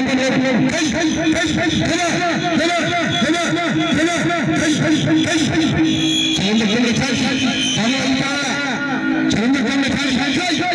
Çarında kumda çar çar çar çar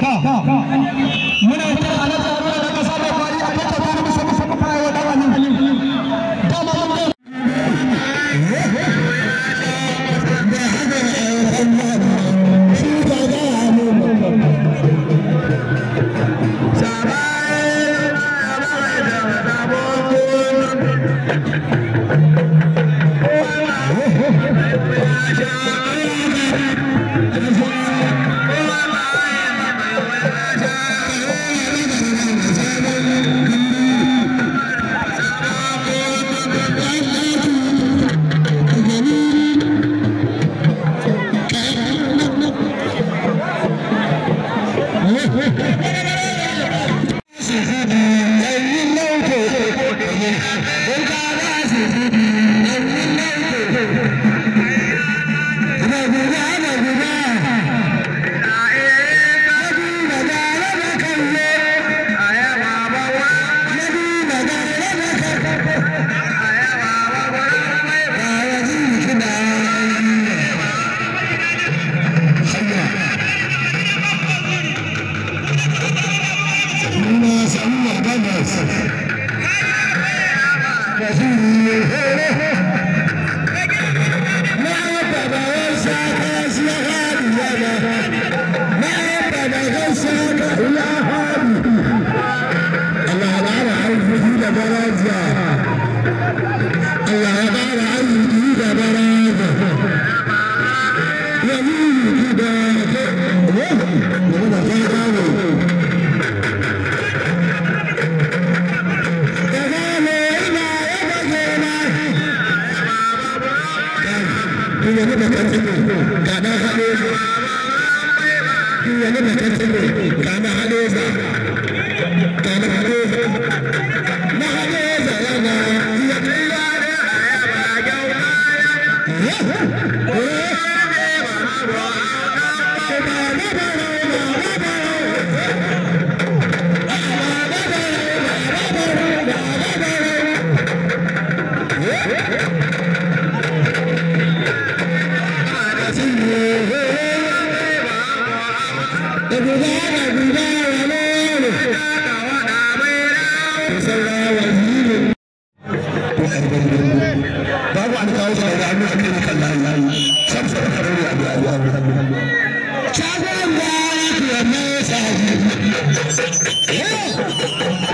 Go, go, Traveling by the amazing. Yeah.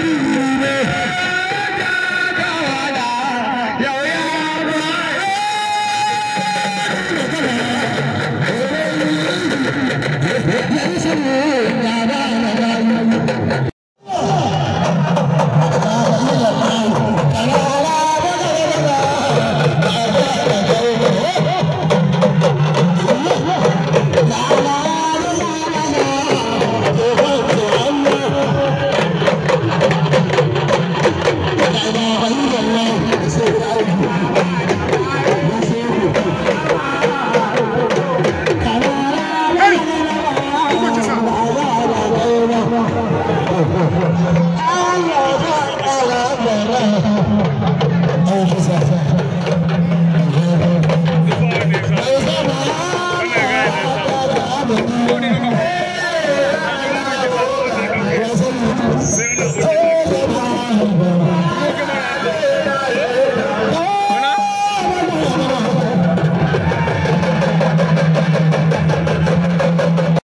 Thank you.